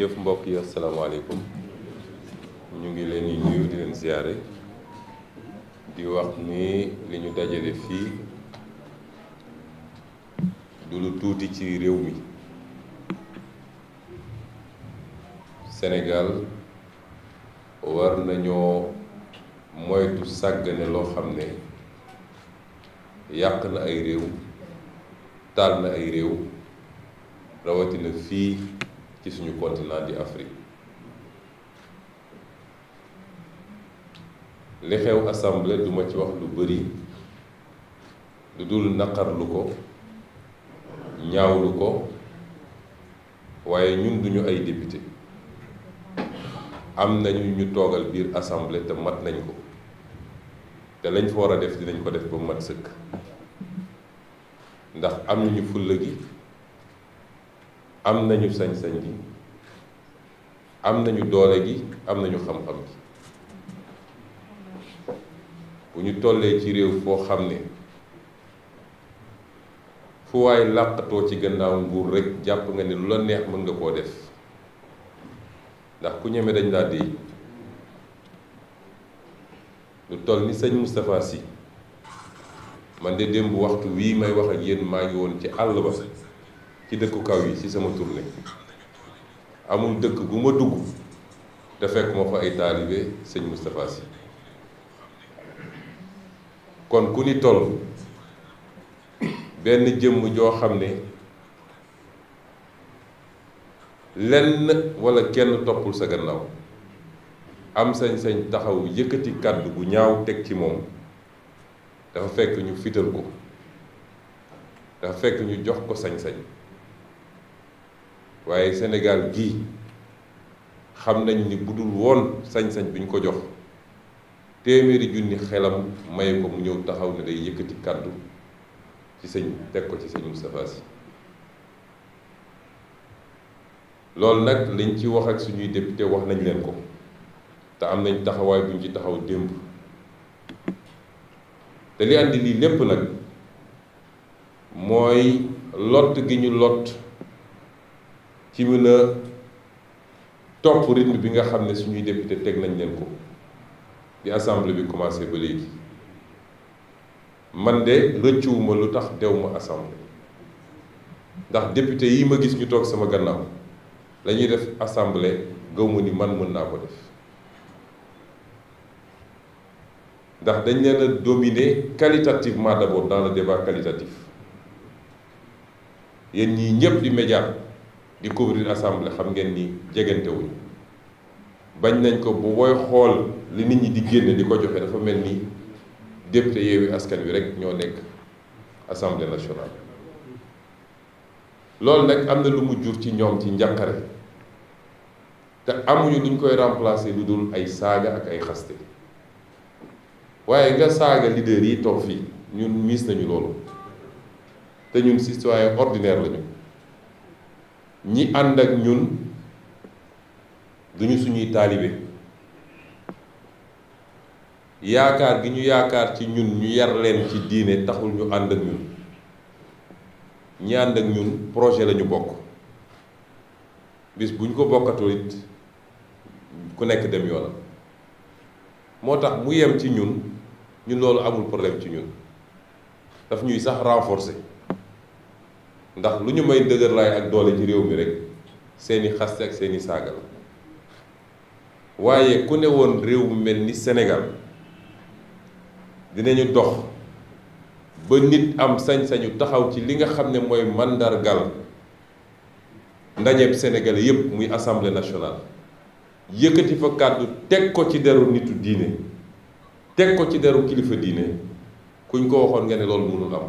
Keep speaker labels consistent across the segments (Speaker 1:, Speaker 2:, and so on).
Speaker 1: jërëjëf mbokk yi asalaamaaleykum ñu ngi leen di nuyu di leen ziare di wax ni li ñu dajale fii du lu tuuti ci réew mi Sénégal war nañoo moytu sàggane loo xam ne yàq na ay réew taal na ay réew rawatina fii. ci suñu continent di Afrique li xew assemblée du ci wax lu bari lu dul naqarlu ko ñaawlu ko waaye ñun duñu ay député am nañu ñu toogal biir assemblée te mat nañ ko te lañ fa war a def dinañ ko def ba mat sëkk ndax am nañu fulla gi am nañu sañ-sañ bi am nañu doole gi am nañu xam-xam gi bu ñu tollee ci réew foo xam ne fu waay làqatoo ci gannaaw nguur rekk jàpp nga ne lu la neex mën nga koo def ndax ku ñeme dañ laa déy lu toll ni sëñ Moustapha Sy man de démb waxtu wii may wax ak yéen maa ngi woon ci àll ba ci dëkku kaw yi ci sama tournée amul dëkk bu ma dugg te fekk ma ay taalibe sëñ Moustapha Sy kon ku ni toll benn jëmm joo xam ne lenn walla kenn toppul sa gannaaw am sañ-sañ taxaw kàddu bu ñaaw teg ci moom dafa fekk ñu dafa fekk ñu jox ko sañ-sañ waaye Sénégal gii xam nañ ni bu dul woon sañ-sañ bi ñu ko jox téeméeri junni xelam may ko mu ñëw taxaw ne day yëkkati kàddu ci sëñ teg ko ci sëñ Moustapha Sy loolu nag liñ ci wax ak suñuy député wax nañ leen ko te am nañ taxawaay buñ ci taxaw démb te li andi lii lépp nag mooy lot gi ñu lott ci mën topp rythme bi nga xam ne suñuy député teg nañ leen ko bi assemblée bi commencé ba léegi man de rëccuwuma lu tax dew ma assemblée ndax député yi ma gis ñu toog sama gannaaw la ñuy def assemblée gaw ma ni man mën naa ko def ndax dañ leen a dominer qualitativement d'abord dans le débat qualitatif yéen ñii ñëpp di média di couvrir assemblée xam ngeen ni jegante bañ nañ ko bu booy xool li nit ñi di génn di ko joxe dafa mel ni député Yewwi Askan Wi rek ñoo nekk assemblée nationale. loolu nag am na lu mu jur ci ñoom ci njàqare te amuñu luñ koy remplacer lu dul ay saaga ak ay xaste waaye nga saaga leader yi toog fii ñun miis nañu loolu te ñun citoyen ordinaire lañu. ñi ànd ak ñun duñu suñuy taalibe yaakaar gi ñu yaakaar ci ñun ñu yar leen ci diine taxul ñu ànd ak ñun ñi ànd ak ñun projet lañu bokk bis bu ñu ko bokkatul it ku nekk dem yoonam moo tax mu yem ci ñun ñun loolu amul problème ci ñun daf ñuy sax renforcer ndax lu ñu may dëgër ak doole ci réew mi rek seeni xaste ak seeni saaga la waaye ku ne woon réew mu mel ni Sénégal dinañu dox ba nit am sañ-sañu taxaw ci li nga xam ne mooy màndargal ndajeeb sénégalais yépp muy assemblée nationale yëkkati fa kàddu teg ko ci deru nitu diine teg ko ci deru kilifa diine kuñ ko waxoon nga ne loolu mënul am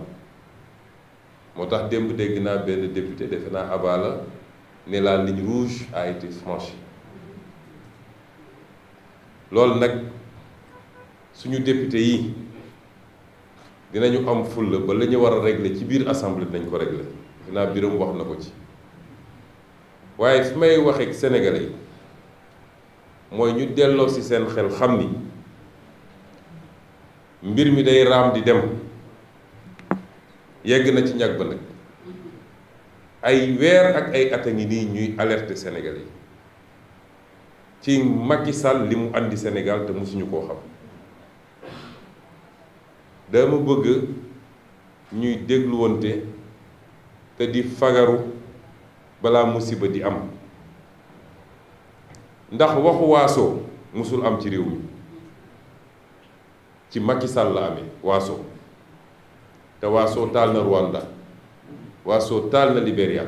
Speaker 1: moo tax démb dégg naa benn député defe naa abala ne la ligne rouge ay été franchie loolu nag suñu député yi dinañu am fulla ba la ñu war a ci biir assemblée dinañ ko régler defe naa biram wax na ko ci waaye fi may waxee ak yi mooy ñu delloo ci seen xel xam ni mbir mi day raam di dem yegg na ci ñàkk ba nag ay weer ak ay at a ngi nii ñuy alerter Sénégal yi ci Macky Sall li mu andi Sénégal te mosuñu koo xam dama bëgg ñuy dégluwante te di fagaru balaa musiba di am ndax waxu waasoo mosul am ci réew mi ci Macky Sall la amee waasoo te waasoo taal na Rwanda waasoo taal na Libéria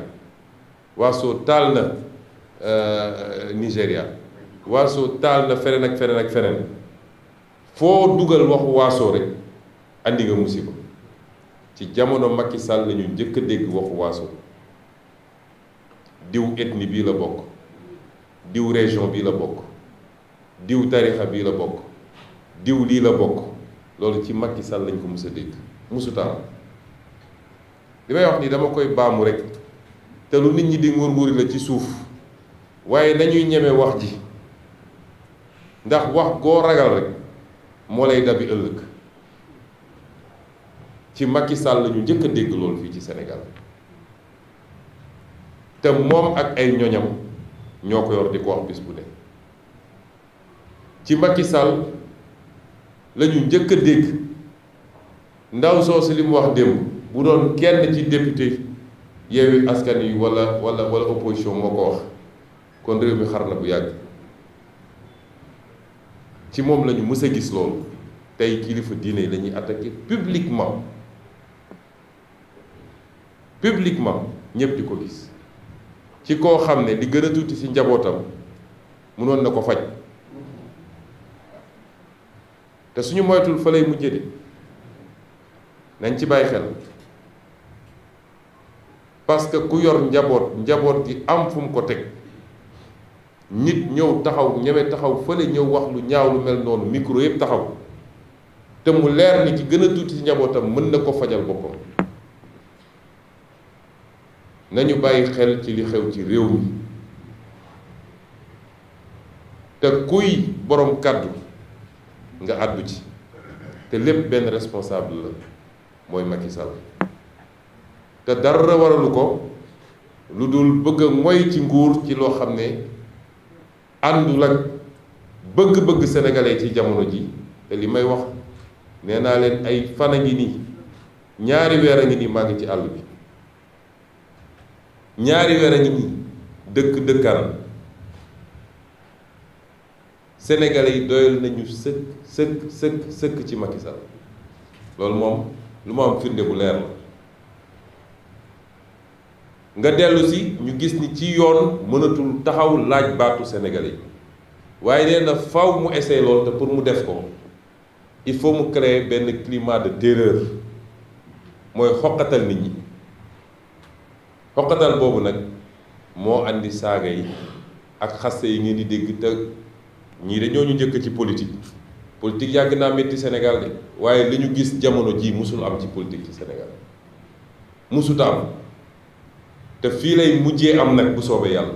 Speaker 1: waasoo taal na euh, nigeria waasoo taal na feneen ak feneen ak fereen foo dugal waxu waasoo rek andi nga musiba ci jamono Macky Sall la ñu njëkk a dégg waxu waasoo diw ethnie bii la bokk diw région bii la bokk diw tarixa bii la bokk diw lii la bokk loolu ci Macky Sall lañ ko mës dégg musut am li may wax nii dama koy baamu rek te lu nit ñi di nguur nguuri la ci suuf waaye nañuy ñeme wax ji ndax wax goo ragal rek moo lay dabi ëllëg ci Macky Sall la ñu njëkk a dégg loolu fii ci senegal te moom ak ay ñoñam ñoo ko yor di ko wax bis bu ne ci Macky Sall la ñu njëkk a dégg ndaw soosu li mu wax démb bu doon kenn ci député yeewi askan yi walla wala wala opposition moo ko wax kon réew mi xar na bu yàgg ci moom lañu mës gis loolu tey kilifa diine yi la ñuy attaqué publiquement publiquement ñëpp di ko gis ci koo xam ne li gën a tuuti ci njabootam mënoon na ko faj te suñu moytul fa lay mujjee de nañ ci bàyyi xel parce que ku yor njaboot njaboot gi am fum ko teg nit ñëw taxaw ñeme taxaw fële ñëw wax lu ñaaw lu mel noonu micro yëpp taxaw te mu leer ni ki gën a tuuti ci njabootam mën na ko fajal boppam nañu bàyyi xel ci li xew ci réew mi te kuy boroom kàddu nga àddu ci te lépp benn responsable la mooy makisal te dara waralu ko lu dul bëgg a moy ci nguur ci loo xam ne àndul ak bëgg-bëgg sénégalais ci jamono ji te li may wax nee naa leen ay fan a ngi nii ñaari weer a ngi nii maa ci àll bi ñaari weer a ngi nii dëkk dëkkaan sénégalais yi doyal nañu sëkk sëkk sëkk sëkk ci makisal loolu moom lu mu am firnde bu leer la nga dellusi ñu gis ni ci yoon mënatul taxaw laaj baatu senegal yi waaye nee faw mu essayer loolu pour mu def ko il faut mu créer benn climat de terreur mooy xoqatal nit ñi xoqatal boobu nag moo indi saaga yi ak xaste yi ngeen di dégg te ñii dañoo ñu njëkk ci politique politique yàgg naa métti Sénégal de waaye li ñu gis jamono ji musul am ci politique ci senegal musut am te fii lay mujjee am nag bu soobee yàlla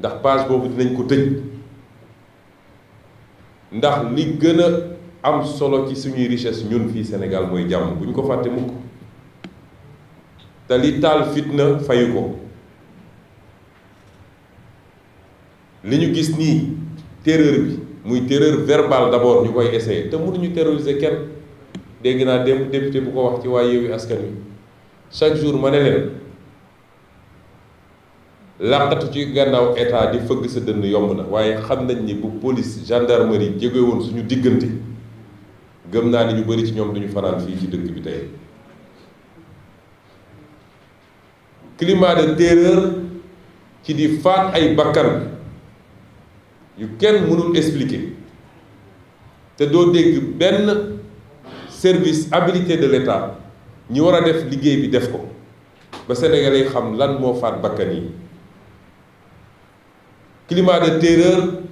Speaker 1: ndax page boobu dinañ ko tëj ndax li gën a am solo ci suñuy richesse ñun fii Sénégal mooy jàmm bu ñu ko fàtte mukk te li taal fitna fayu ko li ñu gis nii terreur bi muy terreur verbale d'abord ñu koy essayer te mënuñu terroriser kenn dégg naa démb député bu ko wax ci waa Yewwi Askan Wi chaque jour ma ne leen làqatu ci gannaaw état di fëgg sa dënn yomb na waaye xam nañ ni bu police gendarmerie jege woon suñu diggante gëm naa ni ñu bëri ci ñoom duñu fanaan fii ci dëkk bi tey climat de terreur ci di faat ay bakkan yu kenn mënul expliquer te doo dégg benn service habilité de l'État ñi war a def liggéey bi def ko ba sénégalais yi xam lan moo faat bakkan yi climat de terreur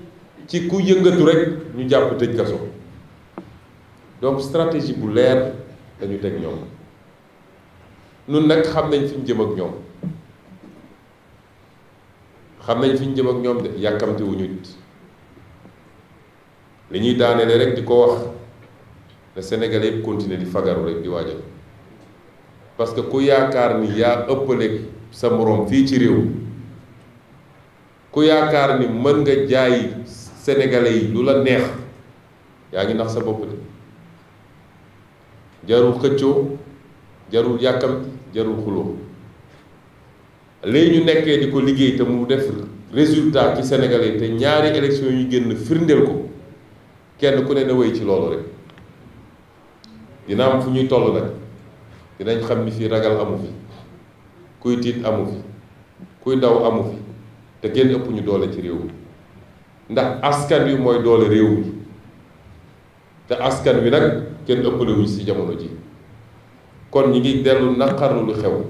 Speaker 1: ci ku yëngatu rek ñu jàpp tëj kaso donc stratégie bu leer dañu teg ñoom nun nag xam nañ fi ñu jëm ak ñoom xam nañ fi ñu jëm ak ñoom de yàkkamte wuñu li ñuy daaneele rek di ko wax ne Sénégalais yëpp continuer di fagaru rek di waajal parce que ku yaakaar ni yaa ëppale sa moroom fii ci réew ku yaakaar ni mën nga jaay Sénégalais yi lu la neex yaa ngi nax sa bopp de jarul xëccoo jarul yàkkam jarul xuloo léegi ñu nekkee di ko liggéey te mu def résultat ci Sénégalais te ñaari élection yu génn firndeel ko kenn ku ne na wéy ci loolu rek dina am fu ñuy toll nag dinañ xam ni fii ragal amu fi kuy tiit amu fi kuy daw amu fi te kenn ëpp ñu doole ci réew mi ndax askan wi mooy doole réew mi te askan wi nag kenn ëppale wuñ jamono ji kon ñi ngi dellu naqarlu lu xew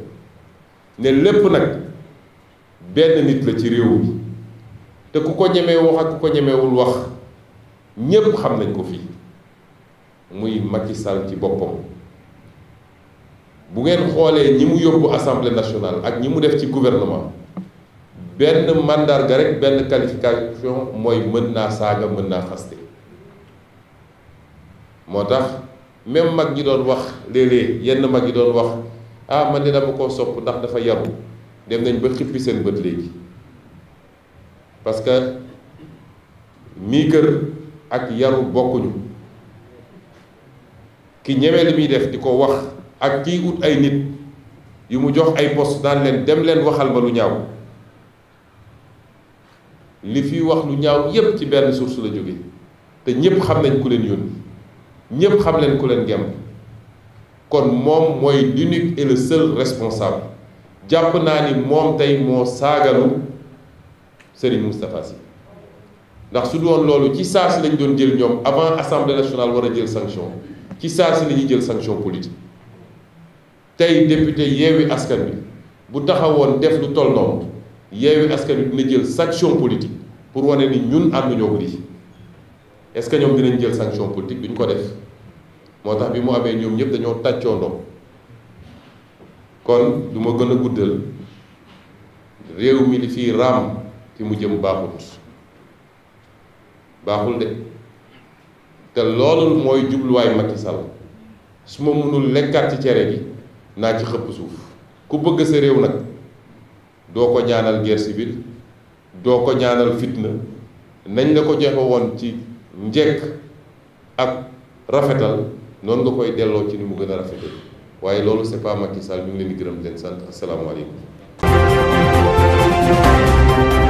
Speaker 1: ne lépp nag benn nit la ci réew mi te ku ko ñemee wax ak ku ko ñemewul wax ñépp xam nañ ko fii muy Macky Sall ci boppam bu ngeen xoolee ñi mu yóbbu assemblée nationale ak ñi mu def ci gouvernement benn màndarga rek benn qualification mooy mën naa saaga mën naa xaste moo tax même mag ñi doon wax léeg-léeg yenn mag yi doon wax ah man de dama koo sopp ndax dafa yaru dem nañ ba xippi seen bët léegi parce mii kër ak yaru bokkuñu ki ñeme li muy def di ko wax ak kii ut ay nit yu mu jox ay poste daan leen dem leen waxal ma lu ñaaw li fi wax lu ñaaw yépp ci benn source la jóge te ñépp xam nañ ku leen yónni ñépp xam leen ku leen gemb kon moom mooy l'unique et le seul responsable jàpp naa ni moom tey moo saagalu Serigne Moustapha Sy ndax su doon loolu ci saa si lañ doon jël ñoom avant assemblée nationale war a jël sanction ci saa si la ñuy jël sanction politique tey député yeewi askan bi bu taxawoon def lu toll noonu yeewi askan bi dina jël sanction politique pour wane ni ñun ànduñoo ko lii est-ce que ñoom dinañ jël sanction politique duñ ko def moo tax bi mu amee ñoom ñëpp dañoo tàccoondoo kon du ma gën a guddal réew mi li fii raam fi mu jëm baaxut baaxul de te loolu mooy jubluwaay Macky Sall su ma mënul lekkaat ci cere gi naa ci xëpp suuf ku bëgg sa réew nag doo ko ñaanal guerre civile doo ko ñaanal fitna nañ la ko joxe woon ci njekk ak rafetal noonu nga koy delloo ci ni mu gën a rafetal waaye loolu c'est pas Macky Sall ngi leen di gërëm di leen sant asalaamaaleykum